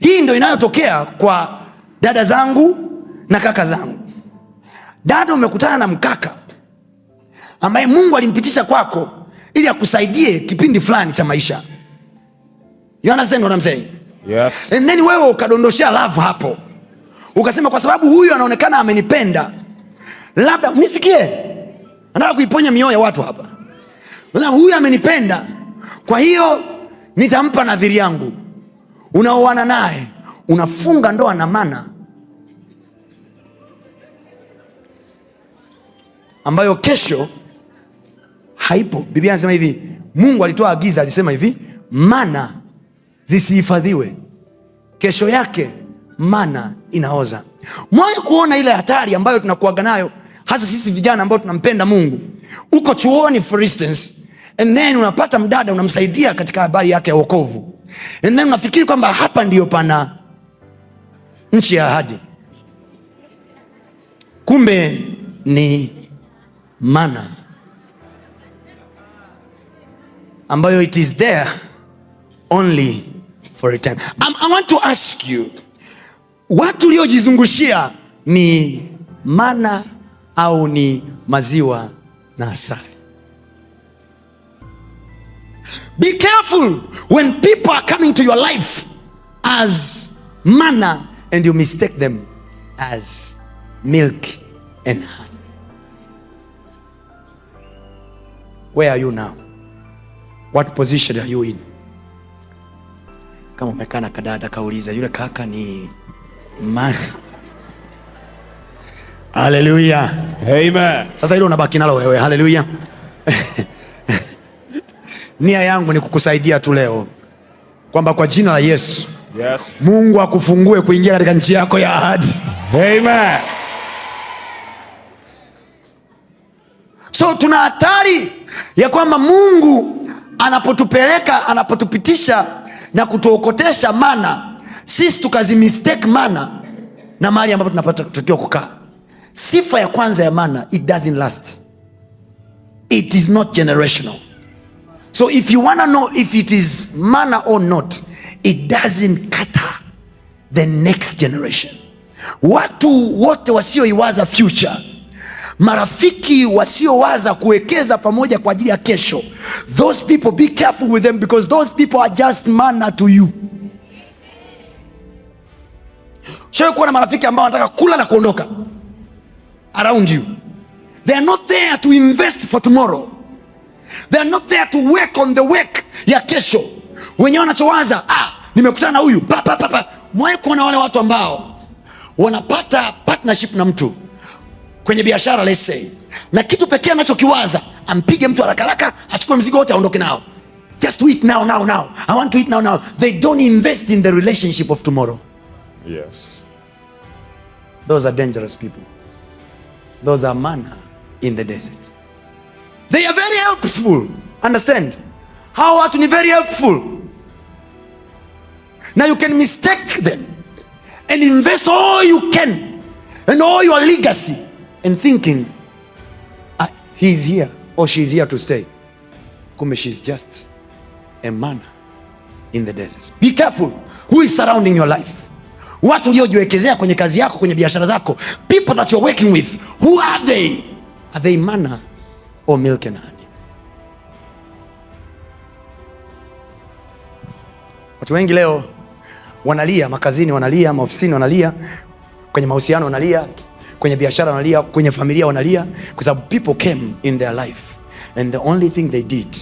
Hii ndo inayotokea kwa dada zangu na kaka zangu. Dada, umekutana na mkaka ambaye Mungu alimpitisha kwako ili akusaidie kipindi fulani cha maisha. Yes. And then wewe ukadondoshea love hapo, ukasema kwa sababu huyu anaonekana amenipenda, labda nisikie, nataka kuiponya mioyo ya watu hapa, huyu amenipenda, kwa hiyo nitampa nadhiri yangu unaoana naye unafunga ndoa na mana ambayo kesho haipo. Biblia anasema hivi, Mungu alitoa agiza, alisema hivi, mana zisihifadhiwe, kesho yake mana inaoza. Mwai kuona ile hatari ambayo tunakuaga nayo, hasa sisi vijana ambao tunampenda Mungu. Uko chuoni for instance, and then unapata mdada unamsaidia katika habari yake ya wokovu And then unafikiri kwamba hapa ndiyo pana nchi ya ahadi, kumbe ni mana ambayo it is there only for a time. Um, I want to ask you, watu uliojizungushia ni mana au ni maziwa na asali? Be careful when people are coming to your life as manna and you mistake them as milk and honey. Where are you now? What position are you in? Kama umekaa na kadada kauliza yule kaka ni man. Haleluya. Amen. Sasa hilo unabaki nalo wewe. Haleluya. nia yangu ni kukusaidia tu leo kwamba kwa jina la Yesu yes. Mungu akufungue kuingia katika nchi yako ya ahadi Amen. So tuna hatari ya kwamba Mungu anapotupeleka anapotupitisha na kutuokotesha mana, sisi tukazimistake mana na mahali ambapo tunapatakiwa kukaa. Sifa ya kwanza ya mana, it doesn't last, it is not generational So if you want to know if it is manna or not, it doesn't cater the next generation. Watu wote wasioiwaza future, marafiki wasiowaza kuwekeza pamoja kwa ajili ya kesho, those people be careful with them because those people are just manna to you. Shawe kuwa na marafiki ambao wanataka kula na kuondoka around you, they are not there to invest for tomorrow they are not there to work on the work ya kesho. Wenyewe wanachowaza ah, nimekutana na huyu pa Mwae kuona wale watu ambao wanapata partnership na mtu kwenye biashara let's say, na kitu pekee anachokiwaza ampige mtu harakaraka achukue mzigo wote aondoke nao. Just do now now now, I want to it now now. They don't invest in the relationship of tomorrow. Yes, those are dangerous people. Those are manna in the desert useful. Understand? Hao watu ni very helpful. Now you can mistake them and invest all you can and all your legacy and thinking ah, he is here or she is here to stay. Kumbe she is just a man in the desert. Be careful who is surrounding your life. Watu uliojiwekezea kwenye kazi yako, kwenye biashara zako, people that you are working with, who are they? Are they manna or milk and honey? Watu wengi leo wanalia makazini, wanalia maofisini, wanalia kwenye mahusiano, wanalia kwenye biashara, wanalia kwenye familia, wanalia kwa sababu people came in their life and the only thing they did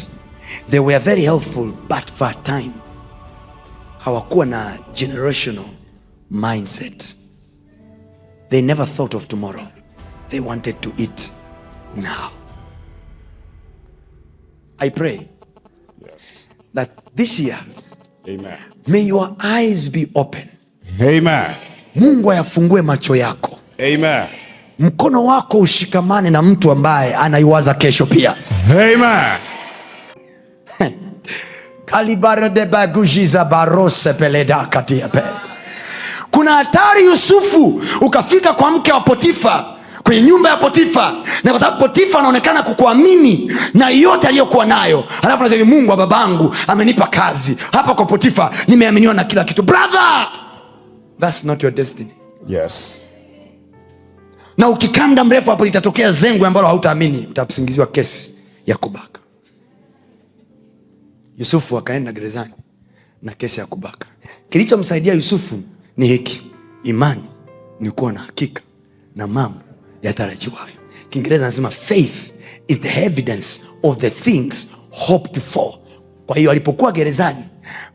they were very helpful but for a time hawakuwa na generational mindset. They never thought of tomorrow, they wanted to eat now. I pray yes. that this year Amen. May your eyes be open. Amen. Mungu ayafungue macho yako. Amen. Mkono wako ushikamane na mtu ambaye anaiwaza kesho pia. Amen. Kuna hatari Yusufu ukafika kwa mke wa Potifa kwenye nyumba ya Potifa, na kwa sababu Potifa anaonekana kukuamini na yote aliyokuwa nayo, alafu anasema Mungu wa babangu amenipa kazi hapa kwa Potifa, nimeaminiwa na kila kitu. Brother, that's not your destiny. Yes. Na ukikaa mrefu hapo litatokea zengwe ambalo hautaamini, utasingiziwa kesi ya kubaka. Yusufu akaenda gerezani na kesi ya kubaka. Kilichomsaidia Yusufu ni hiki, imani ni kuwa na hakika na mambo yatarajiwayo. Kiingereza anasema faith is the evidence of the things hoped for. Kwa hiyo alipokuwa gerezani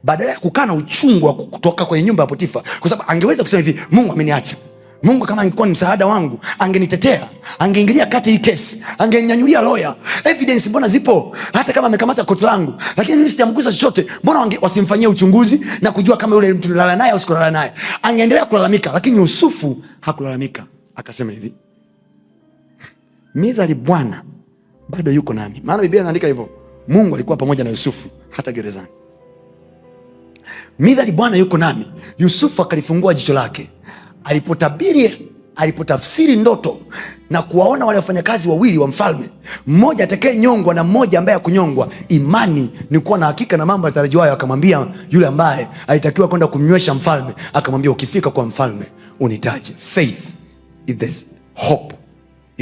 badala ya kukaa na uchungu wa kutoka kwenye nyumba ya Potifa, kwa sababu angeweza kusema hivi, Mungu ameniacha. Mungu kama angekuwa ni msaada wangu, angenitetea, angeingilia kati hii kesi, angenyanyulia loya Evidence mbona zipo? Hata kama amekamata koti langu, lakini mimi sijamgusa chochote. Mbona wasimfanyie uchunguzi na kujua kama yule mtu nilala naye au sikulala naye? Angeendelea kulalamika, lakini Yusufu hakulalamika, akasema hivi midhali Bwana bado yuko nami. Maana Biblia inaandika hivyo, Mungu alikuwa pamoja na Yusufu hata gerezani. Midhali Bwana yuko nami, Yusufu akalifungua jicho lake alipotabiri alipotafsiri ndoto na kuwaona wale wafanyakazi wawili wa mfalme, mmoja atekee nyongwa na mmoja ambaye akunyongwa. Imani ni kuwa na hakika na mambo yatarajiwayo. Akamwambia yule ambaye alitakiwa kwenda kumnywesha mfalme, akamwambia ukifika kwa mfalme unitaje. Faith is the hope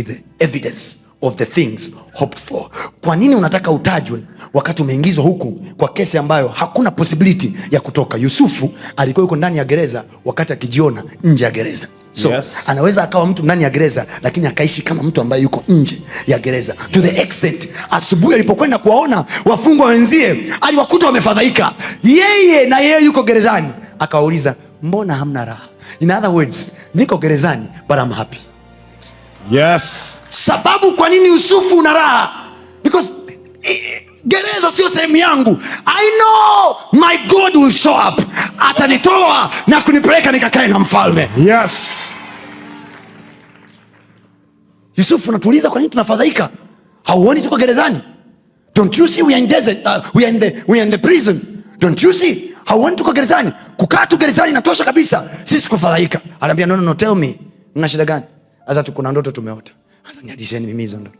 is the evidence of the things hoped for. Kwa nini unataka utajwe wakati umeingizwa huku kwa kesi ambayo hakuna possibility ya kutoka? Yusufu alikuwa yuko ndani ya gereza wakati akijiona nje ya gereza. So yes. Anaweza akawa mtu ndani ya gereza lakini akaishi kama mtu ambaye yuko nje ya gereza yes. To the extent asubuhi alipokwenda kuwaona wafungwa wenzie aliwakuta wamefadhaika, yeye na yeye yuko gerezani, akawauliza mbona hamna raha? In other words, niko gerezani but I'm happy Yes. Sababu kwa nini Yusufu una raha? Because gereza sio sehemu yangu. I know my God will show up. Atanitoa na kunipeleka nikakae na mfalme. Yes. Yusufu, unatuuliza kwa nini tunafadhaika? Hauoni tuko gerezani? Don't you see we are in desert, uh, we are in the, we are in the prison. Don't you see? Hauoni tuko gerezani? Kukaa tu gerezani inatosha kabisa. Sisi kufadhaika. Anaambia no, no, no, tell me. Nina shida gani? Sasa kuna ndoto tumeota. Sasa nihaditheni mimi hizo ndoto.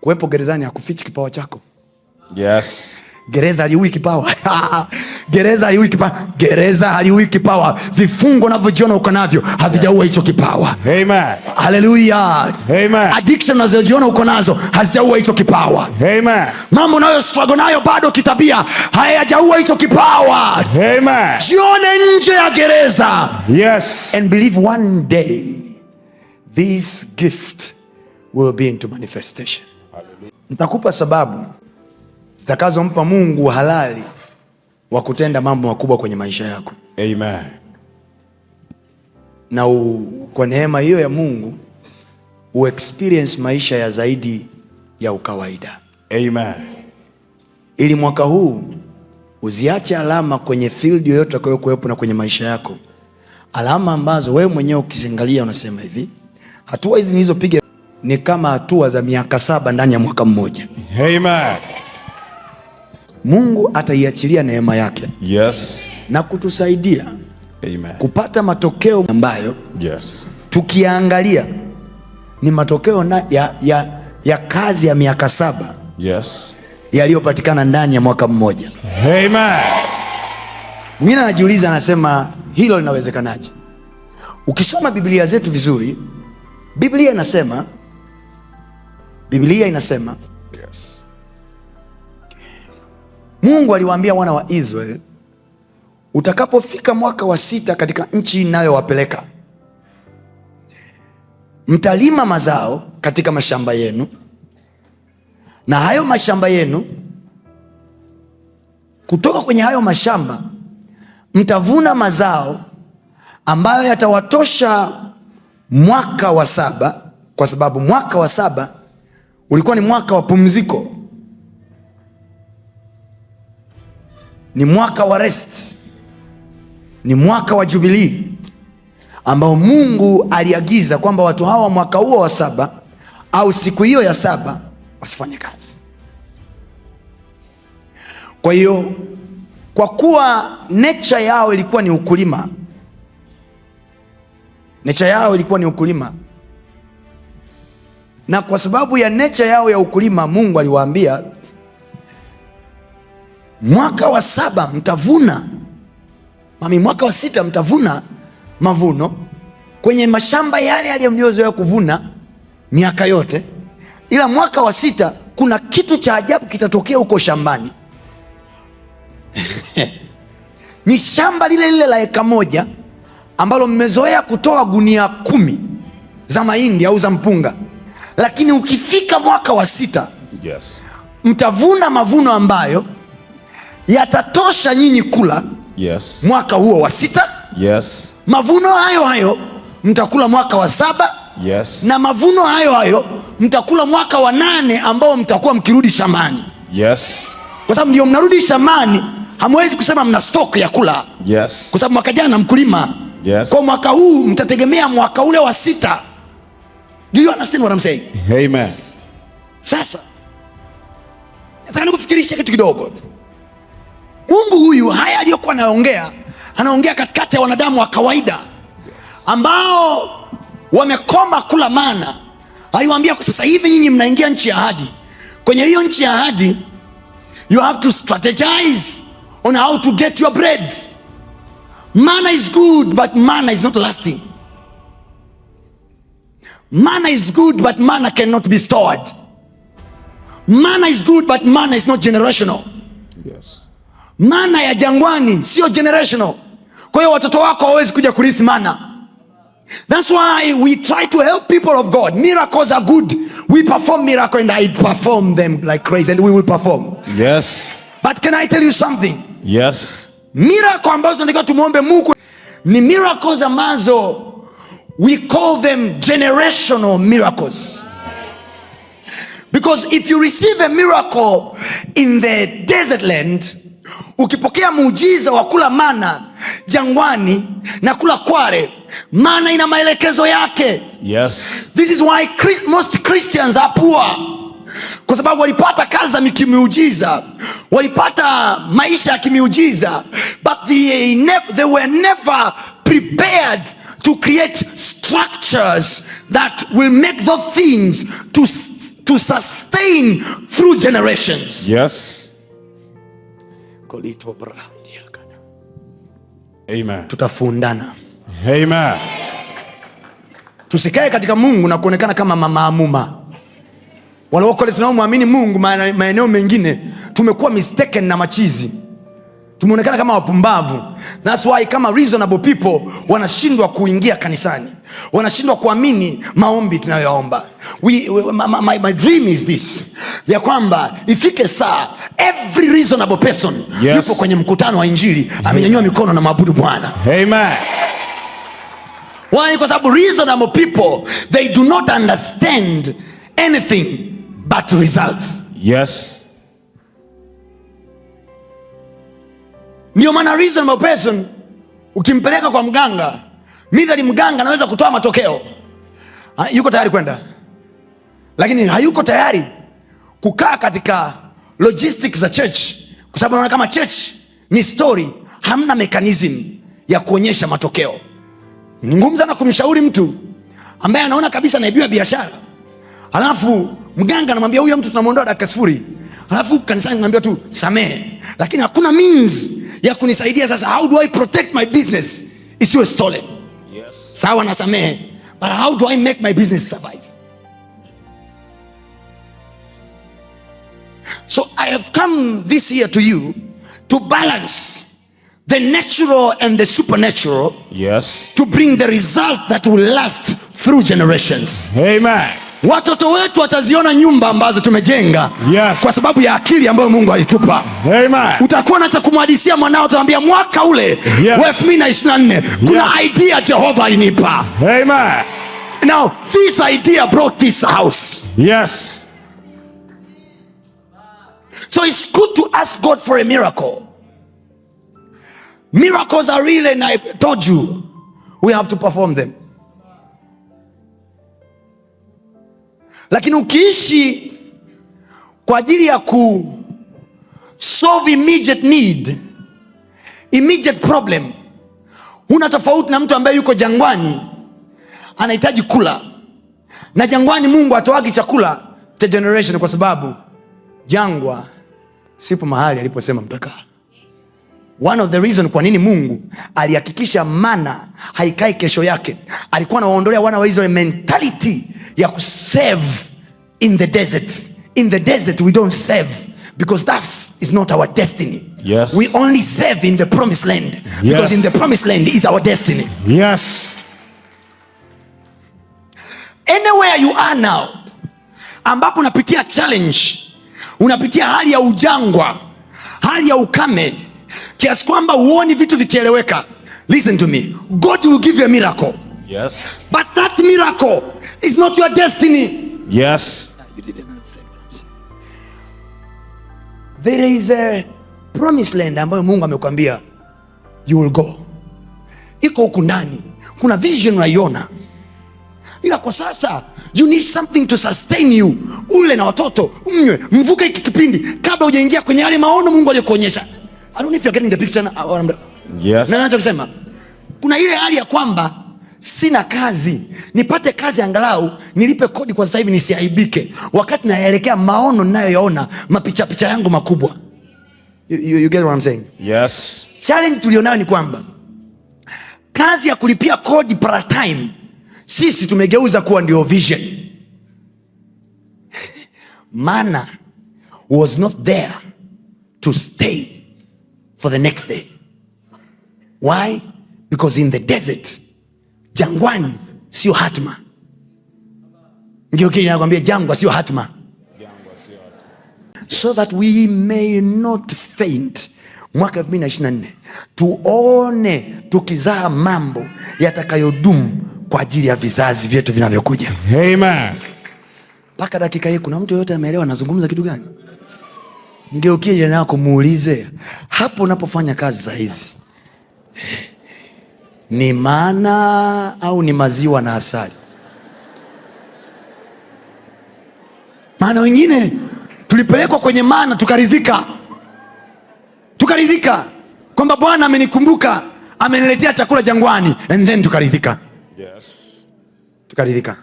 Kuwepo gerezani hakufichi kipawa chako. Yes. Gereza haliui kipawa. Gereza haliui kipawa. Gereza haliui kipawa. Vifungo unavyojiona uko navyo havijaua hicho kipawa. Amen. Haleluya. Amen. Addiction unazojiona uko nazo hazijaua hicho kipawa. Amen. Mambo unayo struggle nayo bado kitabia hayajaua hicho kipawa. Amen. Jione nje ya gereza. Yes. And believe one day this gift will be into manifestation. Nitakupa sababu zitakazompa Mungu halali wa kutenda mambo makubwa kwenye maisha yako. Amen. Na u, kwa neema hiyo ya Mungu u experience maisha ya zaidi ya ukawaida. Amen. Ili mwaka huu uziache alama kwenye field yoyote utakayokuwepo na kwenye maisha yako, alama ambazo wewe mwenyewe ukiziangalia unasema hivi Hatua hizi nilizopiga ni kama hatua za miaka saba ndani ya mwaka mmoja. Amen. Mungu ataiachilia neema yake yes, na kutusaidia Amen, kupata matokeo ambayo yes, tukiangalia ni matokeo na, ya, ya, ya kazi ya miaka saba yes, yaliyopatikana ndani ya mwaka mmoja. Amen. Mimi najiuliza, anasema hilo linawezekanaje? Ukisoma Biblia zetu vizuri Biblia inasema Biblia inasema yes. Mungu aliwaambia wana wa Israeli, utakapofika mwaka wa sita katika nchi inayowapeleka mtalima mazao katika mashamba yenu, na hayo mashamba yenu, kutoka kwenye hayo mashamba mtavuna mazao ambayo yatawatosha mwaka wa saba, kwa sababu mwaka wa saba ulikuwa ni mwaka wa pumziko, ni mwaka wa rest, ni mwaka wa jubilii ambao Mungu aliagiza kwamba watu hawa mwaka huo wa saba au siku hiyo ya saba wasifanye kazi. Kwa hiyo, kwa kuwa necha yao ilikuwa ni ukulima Necha yao ilikuwa ni ukulima, na kwa sababu ya necha yao ya ukulima, Mungu aliwaambia mwaka wa saba mtavuna mami, mwaka wa sita mtavuna mavuno kwenye mashamba yale yale mliyozoea kuvuna miaka yote, ila mwaka wa sita kuna kitu cha ajabu kitatokea huko shambani. Ni shamba lile lile la eka moja ambalo mmezoea kutoa gunia kumi za mahindi au za mpunga, lakini ukifika mwaka wa sita yes. mtavuna mavuno ambayo yatatosha nyinyi kula yes. mwaka huo wa sita yes. mavuno hayo hayo mtakula mwaka wa saba yes. na mavuno hayo hayo mtakula mwaka wa nane ambao mtakuwa mkirudi shambani yes. kwa sababu ndio mnarudi shambani, hamwezi kusema mna stok ya kula yes. kwa sababu mwaka jana mkulima Yes. Kwa mwaka huu mtategemea mwaka ule wa sita. Do you understand what I'm saying? Amen. Sasa nataka nikufikirisha kitu kidogo. Mungu huyu haya aliyokuwa anaongea, anaongea katikati ya wanadamu wa kawaida ambao wamekoma kula mana. Aliwaambia kwa sasa hivi nyinyi mnaingia nchi ya ahadi. Kwenye hiyo nchi ya ahadi you have to strategize on how to get your bread. Manna is good, but manna is not lasting. Manna is good, but manna cannot be stored. Manna is good, but manna is not generational. Yes. Manna ya jangwani sio generational. Kwa hiyo watoto wako hawawezi kuja kurithi manna. That's why we try to help people of God. Miracles are good. We perform miracle and I perform them like crazy and we will perform. Yes. But can I tell you something? Yes miracle ambazo tunatakiwa tumwombe Mungu ni miracles ambazo we call them generational miracles because if you receive a miracle in the desert land, ukipokea muujiza wa kula mana jangwani na kula kware, mana ina maelekezo yake. Yes, this is why most Christians are poor kwa sababu walipata kazi za kimiujiza, walipata maisha ya kimiujiza, but they, they were never prepared to create structures that will make those things to, to sustain through generations. Yes. Amen. Tutafundana. Amen. Tusikae katika Mungu na kuonekana kama amuma walokole tunaomwamini Mungu maeneo mengine tumekuwa mistaken na machizi, tumeonekana kama wapumbavu. That's why kama reasonable people wanashindwa kuingia kanisani, wanashindwa kuamini maombi tunayoyaomba. my, my, dream is this ya kwamba ifike saa every reasonable person yes, yupo kwenye mkutano wa Injili amenyanyua mikono na maabudu Bwana. Kwa sababu reasonable people they do not understand anything but results. Yes. Ndio maana reasonable person ukimpeleka kwa mganga midhali, mganga anaweza kutoa matokeo, yuko tayari kwenda, lakini hayuko tayari kukaa katika logistics za church, kwa sababu naona kama church ni story, hamna mekanism ya kuonyesha matokeo. Ni ngumu sana kumshauri mtu ambaye anaona kabisa anaibiwa biashara, alafu Mganga anamwambia huyo mtu tunamwondoa dakika sifuri, alafu kanisani naambia tu samehe, lakini hakuna means ya kunisaidia sasa. How do I protect my business isiwe stolen? Yes. Sawa na samehe, but how do I make my business survive? So I have come this year to you to balance the natural and the supernatural. Yes. To bring the result that will last through generations. Amen. Watoto wetu wataziona nyumba ambazo tumejenga yes, kwa sababu ya akili ambayo Mungu alitupa. Utakuwa na cha kumhadisia mwanao, utamwambia mwaka ule yes, wa kuna yes, idea Jehova alinipa. Now this idea brought this house. Yes. So it's good to ask God for a miracle. Miracles are real and I told you we have to perform them. Lakini ukiishi kwa ajili ya ku solve immediate need, immediate problem, huna tofauti na mtu ambaye yuko jangwani anahitaji kula. Na jangwani Mungu atoagi chakula cha generation, kwa sababu jangwa sipo mahali aliposema mtakaa. One of the reason kwa nini Mungu alihakikisha mana haikai kesho yake, alikuwa anawaondolea wana wa Israeli mentality ya kusave in the desert. In the desert we don't save because that is not our destiny. Yes. We only save in the promised land because in the promised land is our destiny. Yes. Anywhere you are now ambapo unapitia challenge, unapitia hali ya ujangwa, hali ya ukame kiasi kwamba huoni vitu vikieleweka. Listen to me. God will give you a miracle. Yes. But that miracle It's not your destiny. Yes. You didn't answer. what I'm saying. There is a promised land ambayo Mungu amekwambia you will go. Iko huku ndani. Kuna vision unaiona. Ila kwa sasa you need something to sustain you. Ule na watoto mnywe, mvuke hiki kipindi kabla hujaingia kwenye yale maono Mungu aliyokuonyesha. I don't know if you're getting the picture. Yes. Na nachokisema kuna ile hali ya kwamba sina kazi, nipate kazi angalau nilipe kodi kwa sasa hivi, nisiaibike wakati naelekea maono ninayoyaona, mapichapicha yangu makubwa. you, you, you get what I'm saying? Yes. Challenge tulionayo ni kwamba kazi ya kulipia kodi paratime sisi tumegeuza kuwa ndio vision mana was not there to stay for the next day. Why? Because in the desert jangwani sio hatma. Ngeukia nakwambia jangwa sio hatma, so that we may not faint. Mwaka nne tuone tukizaa mambo yatakayodumu kwa ajili ya vizazi vyetu vinavyokuja. Mpaka dakika hii kuna mtu yoyote ameelewa anazungumza kitu gani? Ngeukia jirani yako muulize, hapo unapofanya kazi saa hizi ni mana au ni maziwa na asali? Maana wengine tulipelekwa kwenye mana tukaridhika, tukaridhika kwamba Bwana amenikumbuka ameniletea chakula jangwani, and then tukaridhika. Yes. Tukaridhika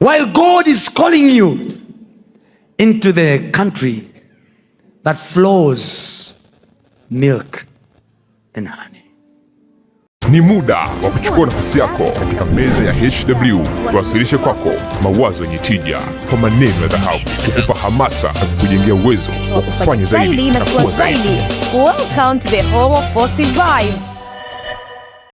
while God is calling you into the country that flows milk and honey. Ni muda wa kuchukua nafasi yako katika meza ya HW, tuwasilishe kwako mawazo yenye tija kwa maneno ya dhahabu, kukupa hamasa na kukujengea uwezo wa kufanya zaidi na kuwa zaidi. Welcome to the home of positive vibes.